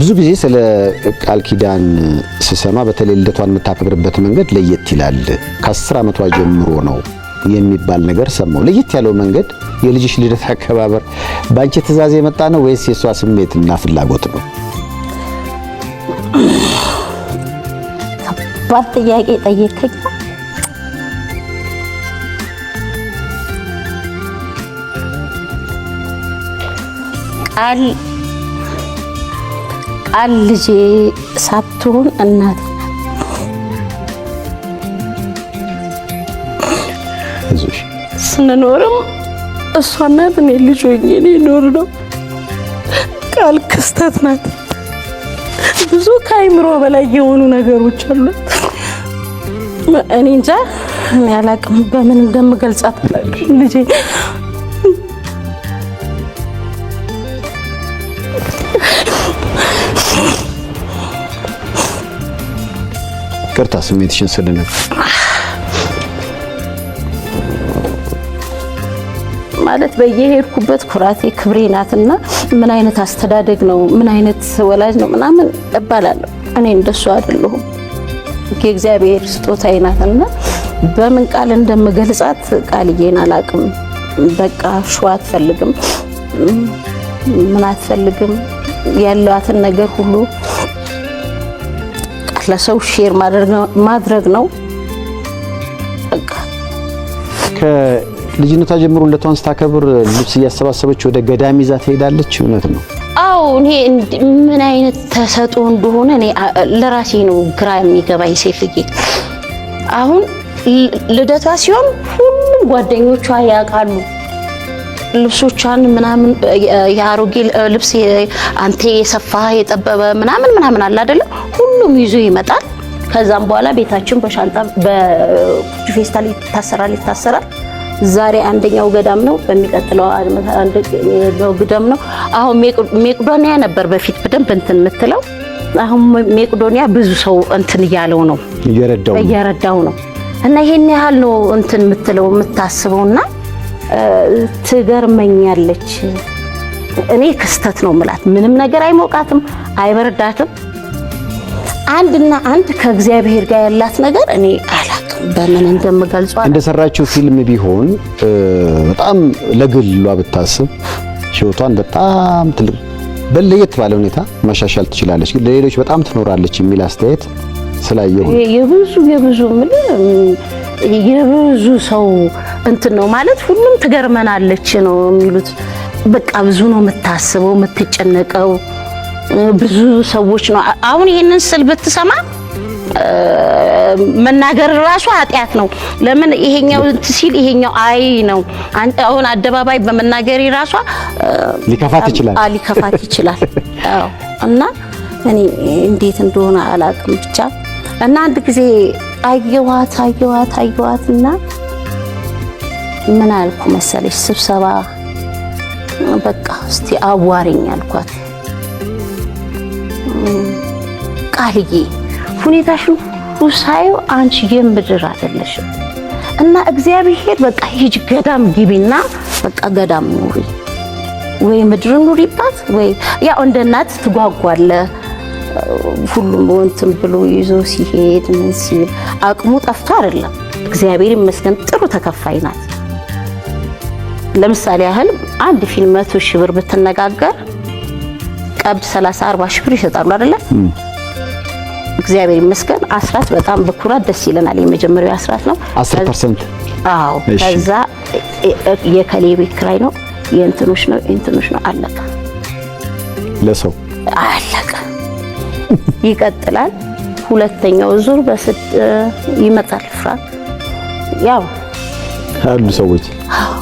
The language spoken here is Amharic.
ብዙ ጊዜ ስለ ቃል ኪዳን ስሰማ በተለይ ልደቷን የምታከብርበት መንገድ ለየት ይላል። ከአስር ዓመቷ ጀምሮ ነው የሚባል ነገር ሰማው። ለየት ያለው መንገድ የልጅሽ ልደት አከባበር በአንቺ ትእዛዝ የመጣ ነው ወይስ የእሷ እና ፍላጎት ነው? ከባድ ጥያቄ ጠየቀኝ። ቃል ቃል ልጄ ሳትሆን እናት ስንኖርም እሷ ናት እኔ ልጅ ሆኜ ኖር ነው። ቃል ክስተት ናት። ብዙ ከአይምሮ በላይ የሆኑ ነገሮች አሏት። እኔ እንጃ እኔ አላቅም በምን እንደምገልጻት ልጄ ይቅርታ ስሜትሽን ስለነበር ማለት በየሄድኩበት ኩራቴ ክብሬ ናትና ምን አይነት አስተዳደግ ነው ምን አይነት ወላጅ ነው ምናምን እባላለሁ። እኔ እንደሱ አይደለሁም። የእግዚአብሔር ስጦታዬ ናትና በምን ቃል እንደምገልጻት ቃልዬን አላቅም። በቃ ሸዋ አትፈልግም፣ ምን አትፈልግም ያለዋትን ነገር ሁሉ ለሰው ሼር ማድረግ ነው። ከልጅነቷ ጀምሮ ልደቷን ስታከብር ልብስ እያሰባሰበች ወደ ገዳም ይዛ ትሄዳለች። እውነት ነው። አዎ እኔ ምን አይነት ተሰጦ እንደሆነ እኔ ለራሴ ነው ግራ የሚገባኝ። ሴት አሁን ልደቷ ሲሆን ሁሉም ጓደኞቿ ያውቃሉ። ልብሶቿን ምናምን የአሮጌ ልብስ አንቴ የሰፋ የጠበበ ምናምን ምናምን አለ አይደለም፣ ሁሉም ይዞ ይመጣል። ከዛም በኋላ ቤታችን በሻንጣ በኩቹ ላይ ይታሰራል ይታሰራል። ዛሬ አንደኛው ገዳም ነው፣ በሚቀጥለው አንደኛው ገዳም ነው። አሁን ሜቄዶኒያ ነበር በፊት በደንብ እንትን የምትለው አሁን ሜቄዶኒያ ብዙ ሰው እንትን እያለው ነው እየረዳው ነው እና ይሄን ያህል ነው እንትን የምትለው እና። ትገርመኛለች። እኔ ክስተት ነው ምላት። ምንም ነገር አይሞቃትም፣ አይበርዳትም። አንድና አንድ ከእግዚአብሔር ጋር ያላት ነገር እኔ አላውቅም በምን እንደምገልጿል። እንደሰራችው ፊልም ቢሆን በጣም ለግሏ ብታስብ ህይወቷን በጣም ትልቅ በለየት ባለ ሁኔታ ማሻሻል ትችላለች፣ ግን ለሌሎች በጣም ትኖራለች የሚል አስተያየት ስላየሁ የብዙ የብዙ የብዙ ሰው እንትን ነው ማለት ሁሉም ትገርመናለች ነው የሚሉት። በቃ ብዙ ነው የምታስበው የምትጨነቀው፣ ብዙ ሰዎች ነው አሁን ይህንን ስል ብትሰማ መናገር ራሱ ኃጢአት ነው። ለምን ይሄኛው ሲል ይሄኛው አይ ነው። አሁን አደባባይ በመናገር ራሷ ሊከፋት ይችላል፣ ሊከፋት ይችላል። እና እኔ እንዴት እንደሆነ አላውቅም ብቻ እና አንድ ጊዜ አየዋት አየዋት አየዋት እና ምን አልኩ መሰለሽ ስብሰባ በቃ እስቲ አዋሪኝ አልኳት። ቃልዬ ሁኔታሽን ሳየው አንቺ የምድር አይደለሽም እና እግዚአብሔር በቃ ሂጅ ገዳም ግቢና በቃ ገዳም ኑሪ ወይ ምድር ኑሪባት ወይ ያው እንደ እናት ትጓጓለ ሁሉም እንትን ብሎ ይዞ ሲሄድ ምን ሲል አቅሙ ጠፍቶ አይደለም። እግዚአብሔር ይመስገን ጥሩ ተከፋይ ናት። ለምሳሌ ያህል አንድ ፊልም መቶ ሺህ ብር ብትነጋገር ቀብድ 30 40 ሺህ ብር ይሰጣሉ አይደለ? እግዚአብሔር ይመስገን አስራት በጣም በኩራት ደስ ይለናል። የመጀመሪያው አስራት ነው 10%። አዎ ከዛ የከሌ ቤት ኪራይ ነው የእንትኖች ነው የእንትኖች ነው አለቀ። ለሰው አለቀ ይቀጥላል። ሁለተኛው ዙር በስድ ይመጣል። ፍራ ያው አሉ ሰዎች